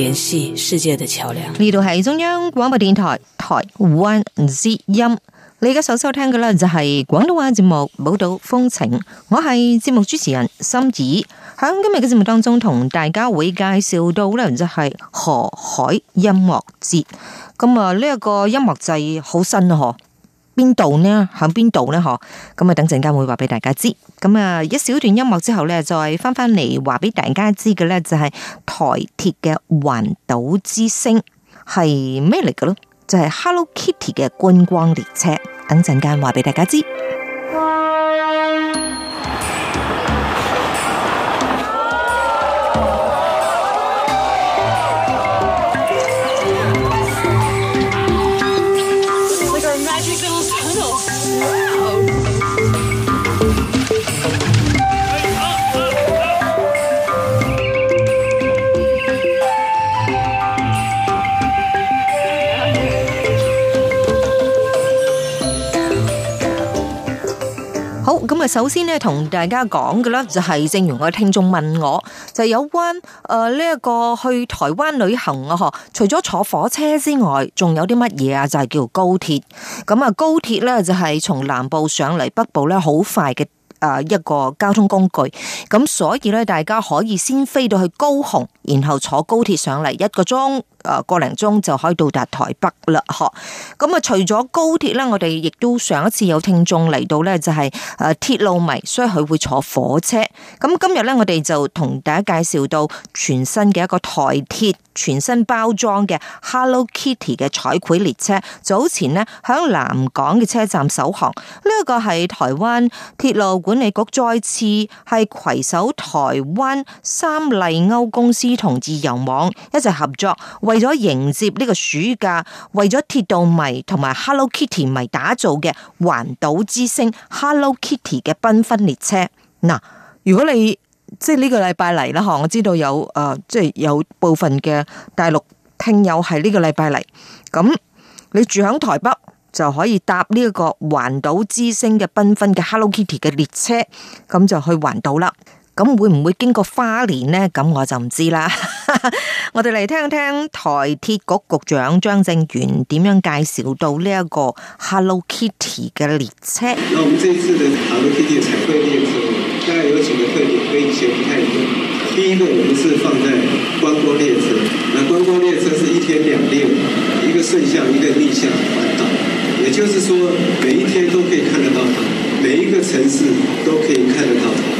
聯繫世界的橋樑。呢度係中央廣播電台台灣之音，你而家所收聽嘅咧就係廣東話節目《寶島風情》，我係節目主持人心子。響今日嘅節目當中，同大家會介紹到咧就係、是、河海音樂節，咁啊呢一個音樂祭好新嗬。邊度呢？響邊度呢？嗬，咁啊，等陣間會話俾大家知。咁啊，一小段音樂之後呢，再翻返嚟話俾大家知嘅呢，就係台鐵嘅環島之星，係咩嚟嘅咯？就係、是、Hello Kitty 嘅觀光列車。等陣間話俾大家知。首先咧，同大家講嘅啦就係正如我聽眾問我，就有關誒呢一個去台灣旅行啊嗬，除咗坐火車之外，仲有啲乜嘢啊？就係叫高鐵。咁啊，高鐵咧就係從南部上嚟北部咧好快嘅，誒一個交通工具。咁所以咧，大家可以先飛到去高雄，然後坐高鐵上嚟一個鐘。誒，個零鐘就可以到達台北啦，嗬！咁啊，除咗高鐵咧，我哋亦都上一次有聽眾嚟到呢，就係誒鐵路迷，所以佢會坐火車。咁今日呢，我哋就同大家介紹到全新嘅一個台鐵全新包裝嘅 Hello Kitty 嘅彩繪列車，早前呢，響南港嘅車站首航，呢、這、一個係台灣鐵路管理局再次係攜手台灣三麗鷗公司同易遊網一齊合作。為咗迎接呢個暑假，為咗鐵道迷同埋 Hello Kitty 迷打造嘅環島之星 Hello Kitty 嘅繽紛列車，嗱，如果你即係呢個禮拜嚟啦，嗬，我知道有誒，即係有部分嘅大陸聽友係呢個禮拜嚟，咁你住喺台北就可以搭呢一個環島之星嘅繽紛嘅 Hello Kitty 嘅列車，咁就去環島啦。咁會唔會經過花蓮呢？咁我就唔知啦。 我哋嚟聽聽台鐵局局長張正元點樣介紹到呢一個 Hello Kitty 嘅列車。那我們這次的 Hello Kitty 彩繪列車，大概有幾個特點跟以前不太一樣。第一個，我們是放在觀光列車，那觀光列車是一天兩列，一個順向，一個逆向環島，也就是說，每一天都可以看得到它，每一個城市都可以看得到。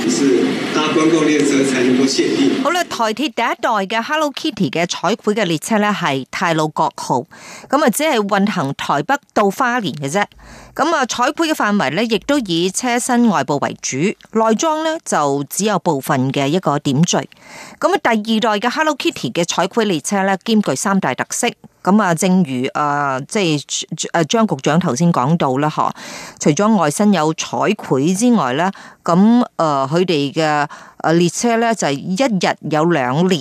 不是搭觀光列車才能夠限定？好啦，台鐵第一代嘅 Hello Kitty 嘅彩繪嘅列車呢，係太魯閣號，咁啊，只係運行台北到花蓮嘅啫。咁啊，彩繪嘅範圍呢，亦都以車身外部為主，內裝呢，就只有部分嘅一個點綴。咁啊，第二代嘅 Hello Kitty 嘅彩繪列車呢，兼具三大特色。咁啊，正如啊，即係誒，張、就是、局長頭先講到啦，嗬，除咗外身有彩繪之外呢，咁誒。呃佢哋嘅誒列車咧就係一日有兩列，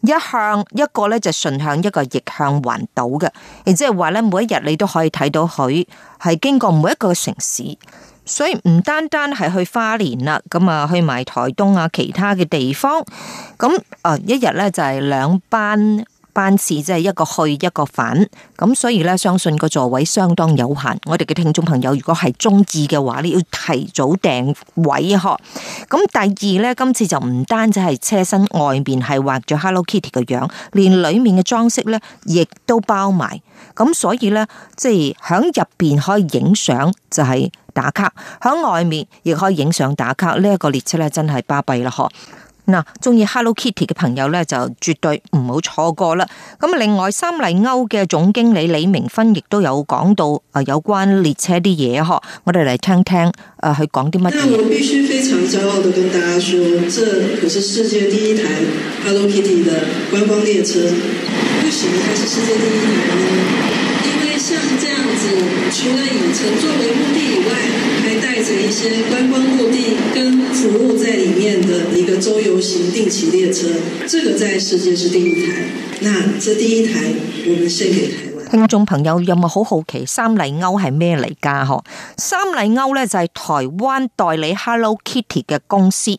一向一個咧就順向一個逆向環島嘅，然之後話咧每一日你都可以睇到佢係經過每一個城市，所以唔單單係去花蓮啦，咁啊去埋台東啊其他嘅地方，咁啊一日咧就係兩班。班次即係一個去一個返，咁所以咧，相信個座位相當有限。我哋嘅聽眾朋友如果係中意嘅話咧，你要提早訂位呵。咁第二呢，今次就唔單止係車身外面係畫咗 Hello Kitty 嘅樣，連裏面嘅裝飾呢亦都包埋。咁所以呢，即係響入邊可以影相就係打卡，響外面亦可以影相打卡。呢一個列車咧真係巴閉啦，呵。嗱，中意 Hello Kitty 嘅朋友咧，就絕對唔好錯過啦！咁另外，三麗鷗嘅總經理李明芬亦都有講到啊，有關列車啲嘢嗬，我哋嚟聽聽誒，佢講啲乜嘢。但我必須非常驕傲地跟大家說，這可是世界第一台 Hello Kitty 的官方列車。為什麼它是世界第一台呢？因為像這樣子，除了以乘坐為目的。一些觀光目的跟服務在裏面的一個周遊行定期列車，這個在世界是第一台。那這第一台我們獻給台。聽眾朋友有冇好好奇三麗鷗係咩嚟噶嗬？三麗鷗咧就係台灣代理 Hello Kitty 嘅公司，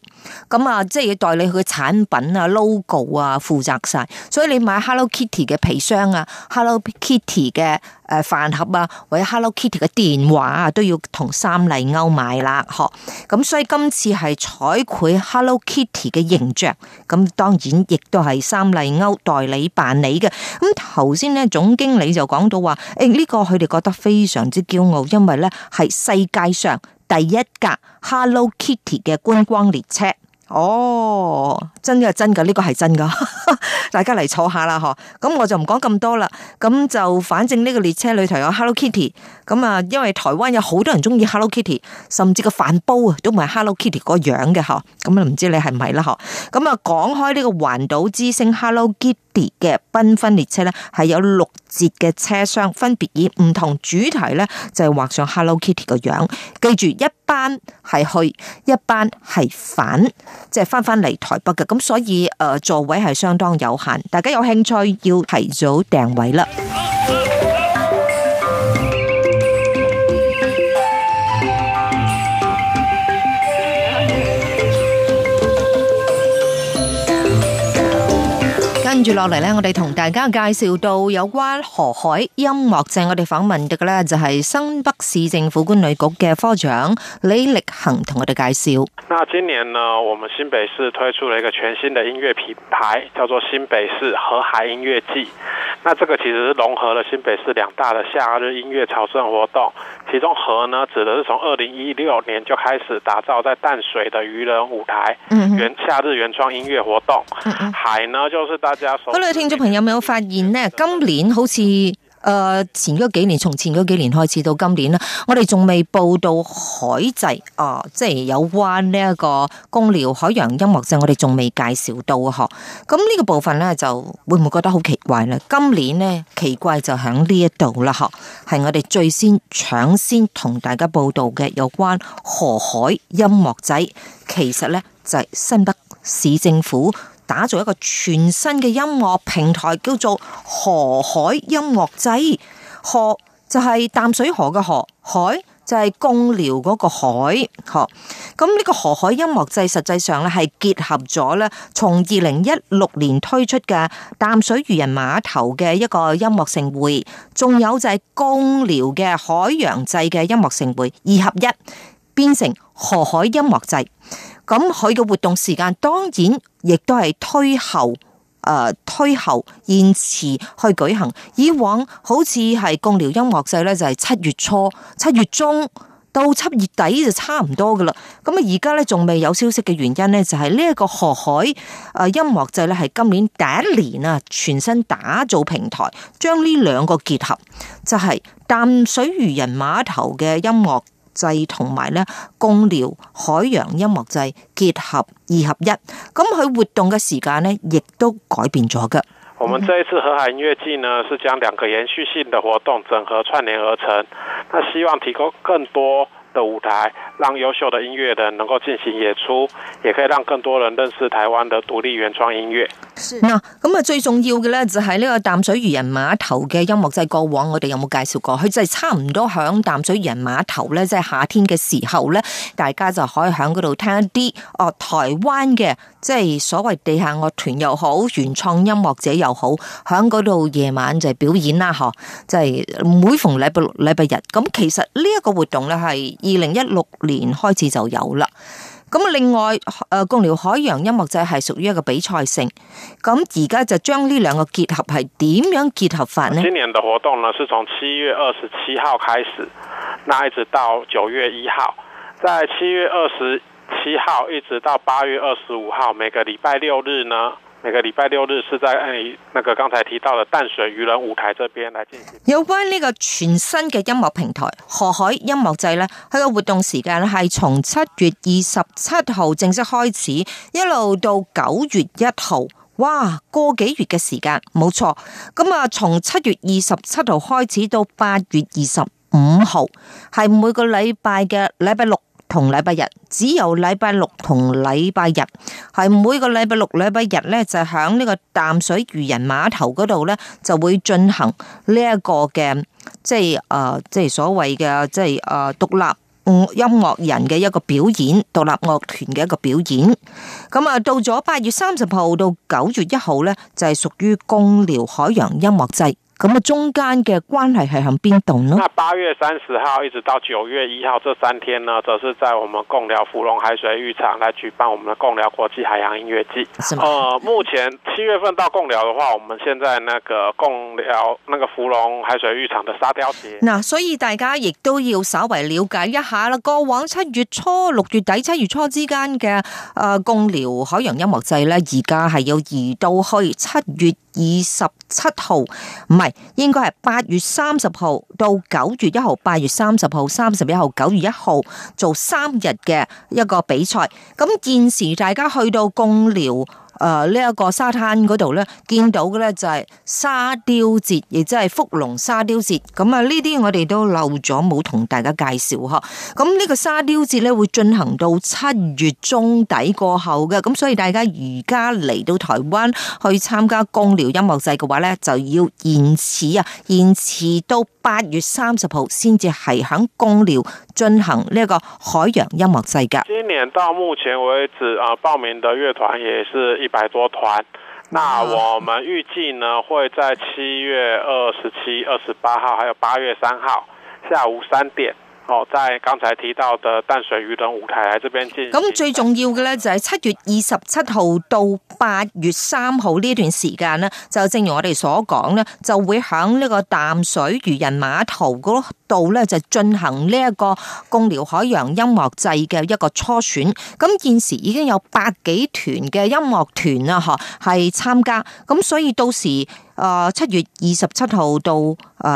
咁啊即係要代理佢嘅產品啊、logo 啊負責晒，所以你買 Hello Kitty 嘅皮箱啊、Hello Kitty 嘅誒飯盒啊或者 Hello Kitty 嘅電話啊都要同三麗鷗買啦，嗬？咁所以今次係彩繪 Hello Kitty 嘅形象，咁當然亦都係三麗鷗代理辦理嘅。咁頭先咧總經理。就講到話，誒呢個佢哋覺得非常之驕傲，因為呢係世界上第一架 Hello Kitty 嘅觀光列車。哦，真嘅真嘅，呢個係真噶， 大家嚟坐下啦，嗬。咁我就唔講咁多啦，咁就反正呢個列車裏頭有 Hello Kitty，咁啊，因為台灣有好多人中意 Hello Kitty，甚至個飯煲啊都唔係 Hello Kitty 個樣嘅嗬。咁啊，唔知你係咪啦嗬。咁啊，講開呢個環島之星 Hello Kitty 嘅繽紛列車咧，係有六節嘅車廂，分別以唔同主題咧就係畫上 Hello Kitty 個樣。記住，一班係去，一班係返，即係翻返嚟台北嘅。咁所以誒、呃、座位係相當有限，大家有興趣要提早訂位啦。跟住落嚟呢，我哋同大家介紹到有關河海音樂季我哋訪問嘅呢，就係、是、新北市政府管理局嘅科長李力恒同我哋介紹。那今年呢，我們新北市推出了一個全新的音樂品牌，叫做新北市河海音樂季。那這個其實是融合了新北市兩大的夏日音樂朝聖活動，其中河呢指的是從二零一六年就開始打造在淡水的漁人舞台原夏日原創音樂活動，嗯嗯海呢就是大好啦，聽眾朋友，有冇發現咧？今年好似誒、呃，前嗰幾年，從前嗰幾年開始到今年啦，我哋仲未報道海祭，啊，即、就、係、是、有關呢一個貢寮海洋音樂祭，我哋仲未介紹到嗬。咁呢個部分呢，就會唔會覺得好奇怪呢？今年呢，奇怪就喺呢一度啦，嗬，係我哋最先搶先同大家報道嘅有關河海音樂祭，其實呢，就係、是、新北市政府。打造一個全新嘅音樂平台，叫做河海音樂祭。河就係淡水河嘅河，海就係公寮嗰個海。嗬，咁呢個河海音樂祭實際上咧係結合咗咧，從二零一六年推出嘅淡水漁人碼頭嘅一個音樂盛會，仲有就係公寮嘅海洋祭嘅音樂盛會，二合一變成河海音樂祭。咁佢嘅活動時間當然。亦都係推後，誒、呃、推後延遲去舉行。以往好似係貢寮音樂祭咧，就係七月初、七月中到七月底就差唔多噶啦。咁啊，而家咧仲未有消息嘅原因咧，就係呢一個河海誒音樂祭咧，係今年第一年啊，全新打造平台，將呢兩個結合，就係淡水漁人碼頭嘅音樂。制同埋咧，貢寮海洋音樂祭結合二合一，咁佢活動嘅時間呢，亦都改變咗㗎。我們這一次河海音樂季呢，是將兩個延續性的活動整合串聯而成，那希望提供更多。嘅舞台，讓優秀的音樂人能夠進行演出，也可以讓更多人認識台灣的獨立原創音樂。嗱是，咁啊最重要嘅咧就係、是、呢個淡水漁人碼頭嘅音樂祭過往，我哋有冇介紹過？佢就係差唔多響淡水漁人碼頭咧，即、就、係、是、夏天嘅時候咧，大家就可以響嗰度聽一啲哦台灣嘅即係所謂地下樂團又好，原創音樂者又好，響嗰度夜晚就係表演啦、啊，嗬！即係每逢禮拜禮拜日，咁其實呢一個活動咧係。二零一六年開始就有啦。咁另外，誒貢寮海洋音樂祭係屬於一個比賽性。咁而家就將呢兩個結合，係點樣結合法呢？今年嘅活動呢，係從七月二十七號開始，一直到九月一號。在七月二十七號一直到八月二十五號，每個禮拜六日呢，每個禮拜六日是在誒，那個剛才提到的淡水漁人舞台這邊來進行有關呢個全新嘅音樂平台河海音樂祭咧，佢個活動時間係從七月二十七號正式開始，一路到九月一號，哇，個幾月嘅時間？冇錯，咁啊，從七月二十七號開始到八月二十五號，係每個禮拜嘅禮拜六，同禮拜日，只有禮拜六同禮拜日，係每個禮拜六、禮拜日咧，就喺呢個淡水漁人碼頭嗰度咧，就會進行呢一個嘅，即係誒、呃，即係所謂嘅，即係誒，獨、呃、立音樂人嘅一個表演，獨立樂團嘅一個表演。咁啊，到咗八月三十號到九月一號咧，就係屬於貢寮海洋音樂祭。咁啊，中間嘅關係係響邊度呢？八月三十號一直到九月一號，這三天呢，則是在我們貢寮福隆海水浴場來舉辦我們的貢寮國際海洋音樂節。是嗎？呃，目前七月份到貢寮的話，我們現在那個貢寮那個福隆海水浴場的沙雕節。嗱，所以大家亦都要稍微了解一下啦。過往七月初六月底、七月初之間嘅誒貢寮海洋音樂祭呢，而家係要移到去七月。二十七號唔係，應該係八月三十號到九月一號，八月三十號、三十一號、九月一號做三日嘅一個比賽。咁現時大家去到共聊。誒，呢一，呃，這個沙灘嗰度呢，見到嘅呢就係沙雕節，亦即係福隆沙雕節。咁啊，呢啲我哋都漏咗，冇同大家介紹呵。咁呢個沙雕節呢，會進行到七月中底過後嘅，咁所以大家而家嚟到台灣去參加貢寮音樂祭嘅話呢，就要延遲啊，延遲都。八月三十號先至係肯貢寮進行呢一個海洋音樂祭嘅。今年到目前為止啊，報名的樂團也是一百多團。那我們預計呢，會在七月二十七、二十八號，還有八月三號下午三點。好，在剛才提到的淡水漁人舞台喺這邊進行，咁最重要嘅呢，就係七月二十七號到八月三號呢段時間呢，就正如我哋所講呢，就會喺呢個淡水漁人碼頭嗰度呢，就進行呢一個貢寮海洋音樂祭嘅一個初選。咁現時已經有百幾團嘅音樂團啊，嗬，係參加。咁所以到時。誒，七、呃、月二十七號到誒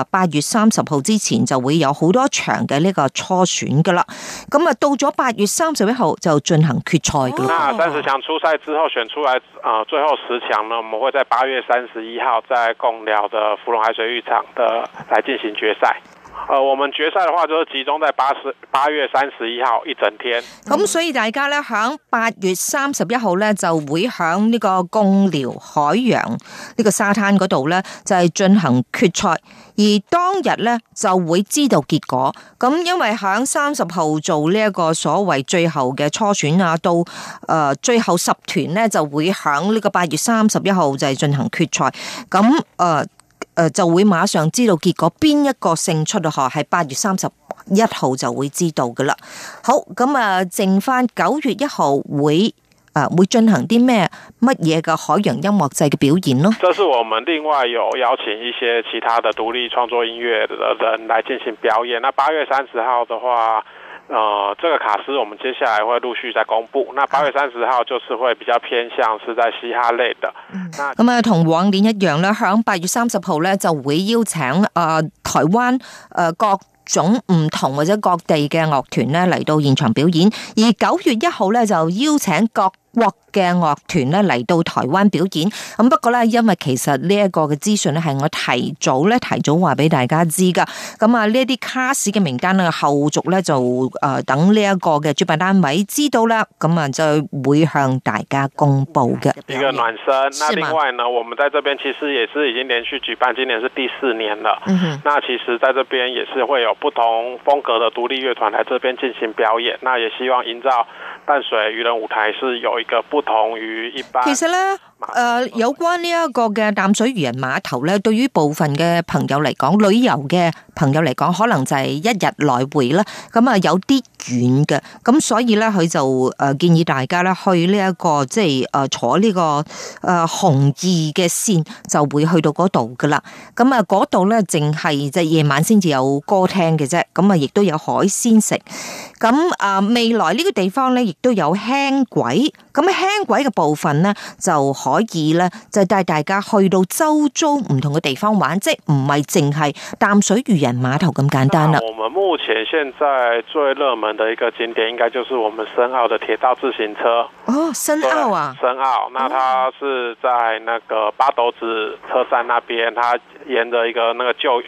八、呃、月三十號之前，就會有好多場嘅呢個初選噶啦。咁啊，到咗八月三十一號就進行決賽。咁啊、哦，三十強出賽之後選出來，誒、呃，最後十強呢，我們會在八月三十一號在貢寮的福隆海水浴場的來進行決賽。誒、呃，我們決賽的話，就是集中在八十八月三十一號一整天。咁所以大家咧，喺八月三十一號咧，就會喺呢個貢寮海洋呢、這個沙灘嗰度咧，就係、是、進行決賽。而當日咧，就會知道結果。咁因為喺三十號做呢一個所謂最後嘅初選啊，到誒、呃、最後十團咧，就會喺呢個八月三十一號就係進行決賽。咁誒。呃就會馬上知道結果邊一個勝出啦！嗬，係八月三十一號就會知道噶啦。好，咁啊，剩翻九月一號會誒會進行啲咩乜嘢嘅海洋音樂祭嘅表演咯。這是我們另外有邀請一些其他的獨立創作音樂人來進行表演。那八月三十號嘅話。啊，這個卡司，我們接下來會陸續再公布。那八月三十號就是會比較偏向是在嘻哈類的。那咁啊，同往年一樣呢，響八月三十號呢就會邀請啊台灣誒各種唔同或者各地嘅樂團呢嚟到現場表演，而九月一號呢就邀請各國嘅樂團嚟到台灣表演，咁不過因為其實呢一個嘅資訊係我提早咧提早話俾大家知噶，咁啊呢一啲卡士嘅名單咧後續就誒，等呢一個嘅主辦單位知道啦，咁啊就會向大家公布嘅一個暖身。那另外呢，嗎我們在這邊其實也是已經連續舉辦，今年是第四年啦。嗯、哼那其實在這邊也是會有不同風格嘅獨立樂團嚟這邊進行表演，那也希望營造淡水漁人舞台是有。一。其實咧，誒，有關呢一個嘅淡水漁人碼頭咧，對於部分嘅朋友嚟講，旅遊嘅朋友嚟講，可能就係一日來回啦。咁啊，有啲。遠嘅，咁所以咧佢就誒建議大家咧去呢、這、一個即係誒坐呢個誒紅二嘅線就會去到嗰度噶啦。咁啊嗰度咧淨係即係夜晚先至有歌廳嘅啫，咁啊亦都有海鮮食。咁啊未來呢個地方咧亦都有輕軌，咁輕軌嘅部分咧就可以咧就帶大家去到周遭唔同嘅地方玩，即係唔係淨係淡水漁人碼頭咁簡單啦。我們目前現在最熱門。的一個景點應該就是我們深澳的鐵道自行車哦，深澳啊，深澳，那它是在那個八斗子車站那邊，它沿着一個那個舊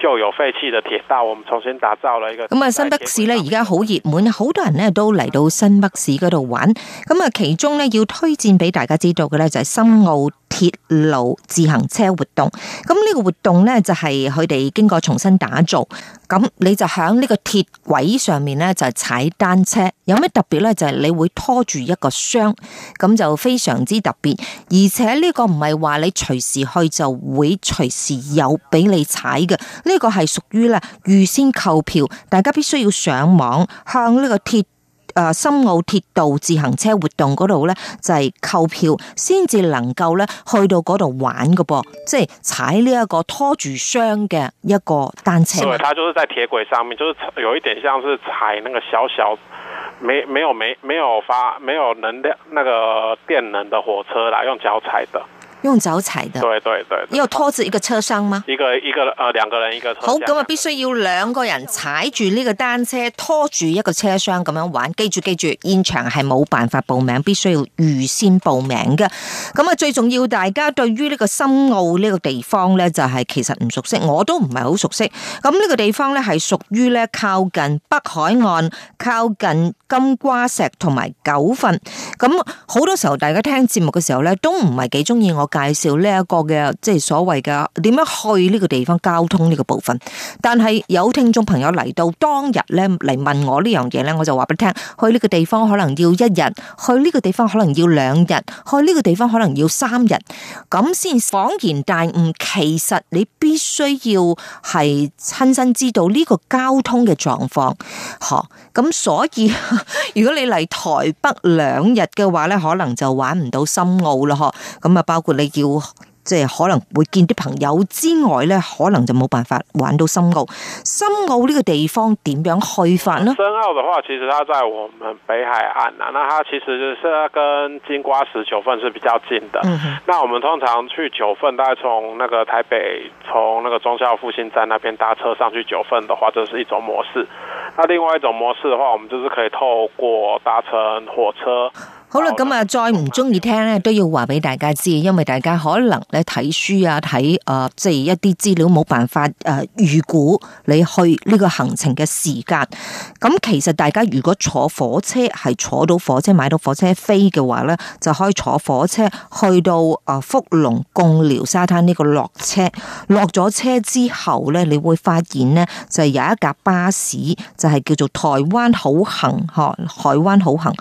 舊有廢棄的鐵道，我們重新打造了一個。咁啊，新北市呢而家好熱門，好多人呢都嚟到新北市嗰度玩。咁啊，其中呢要推薦俾大家知道嘅呢就係、是、深澳。鐵路自行車活動，咁呢個活動呢，就係佢哋經過重新打造，咁你就喺呢個鐵軌上面呢，就踩單車，有咩特別呢？就係你會拖住一個箱，咁就非常之特別，而且呢個唔係話你隨時去就會隨時有俾你踩嘅，呢個係屬於咧預先購票，大家必須要上網向呢個鐵。誒、啊，深澳鐵道自行車活動嗰度咧，就係、是、購票先至能夠咧去到嗰度玩噶噃，即係踩呢一個拖住箱嘅一個單車。對，它就是在鐵軌上面，就是有一點像是踩那個小小，沒沒有沒沒有發沒有能量那個電能的火車啦，啦用腳踩的。用腳踩嘅，一個拖住一個車廂嗎？一個一個，誒，兩個人一個。好，咁啊，必須要兩個人踩住呢個單車，拖住一個車廂咁樣玩。記住，記住，現場係冇辦法報名，必須要預先報名嘅。咁啊，最重要，大家對於呢個深澳呢個地方咧，就係其實唔熟悉，我都唔係好熟悉。咁呢個地方咧，係屬於咧靠近北海岸，靠近金瓜石同埋九份。咁好多時候，大家聽節目嘅時候咧，都唔係幾中意我介紹呢一個嘅即係所謂嘅點樣去呢個地方交通呢個部分，但係有聽眾朋友嚟到當日咧嚟問我呢樣嘢咧，我就話俾你聽，去呢個地方可能要一日，去呢個地方可能要兩日，去呢個地方可能要三日，咁先恍然大悟。其實你必須要係親身知道呢個交通嘅狀況，嗬。咁所以如果你嚟台北兩日嘅話咧，可能就玩唔到深澳咯，嗬。咁啊，包括。你要，即係可能會見啲朋友之外呢，可能就冇辦法玩到深澳。深澳呢個地方點樣去法呢？深澳的話，其實它在我們北海岸啦，那它其實就是跟金瓜石九份是比較近的。Mm hmm. 那我們通常去九份，大概從那個台北，從那個忠孝復興站那邊搭車上去九份的話，這、就是一種模式。那另外一種模式的話，我們就是可以透過搭乘火車。好啦，咁啊，再唔中意聽咧，都要話俾大家知，因為大家可能咧睇書啊，睇誒，即係一啲資料冇辦法誒預估你去呢個行程嘅時間。咁其實大家如果坐火車係坐到火車買到火車飛嘅話咧，就可以坐火車去到啊福隆貢寮沙灘呢個落車。落咗車之後咧，你會發現呢，就係有一架巴士，就係、是、叫做台灣好行，吓，海灣好行。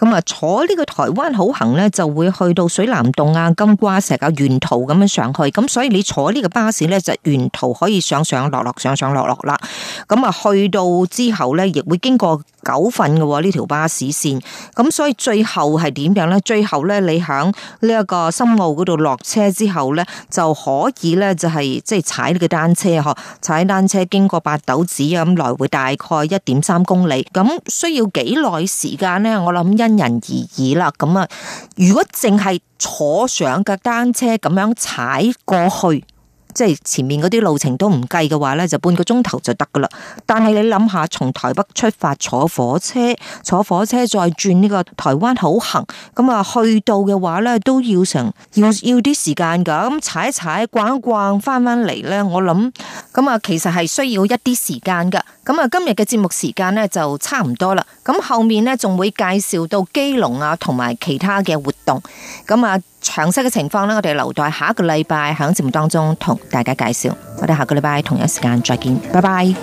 咁啊，坐呢個台灣好行咧，就會去到水南洞啊、金瓜石啊，沿途咁樣上去。咁所以你坐呢個巴士咧，就沿途可以上上落落、上上落落啦。咁啊，去到之後咧，亦會經過。九份嘅呢條巴士線。咁，所以最後係點樣呢？最後呢，你喺呢一個深澳嗰度落車之後呢，就可以呢就係即係踩呢個單車呵，踩單車經過八斗子，咁來回大概一點三公里。咁需要幾耐時間呢？我諗因人而異啦。咁啊，如果淨係坐上架單車咁樣踩過去。即係前面嗰啲路程都唔計嘅話呢，就半個鐘頭就得噶啦。但係你諗下，從台北出發坐火車，坐火車再轉呢、這個台灣好行，咁、嗯、啊去到嘅話呢，都要成要要啲時間噶。咁、嗯、踩一踩，逛一逛，翻返嚟呢，我諗咁啊，其實係需要一啲時間噶。咁、嗯、啊，今日嘅節目時間呢，就差唔多啦。咁、嗯、後面呢，仲會介紹到基隆啊，同埋其他嘅活動。咁、嗯、啊。嗯詳細嘅情況呢，我哋留待下一個禮拜喺節目當中同大家介紹。我哋下個禮拜同一時間再見，拜拜。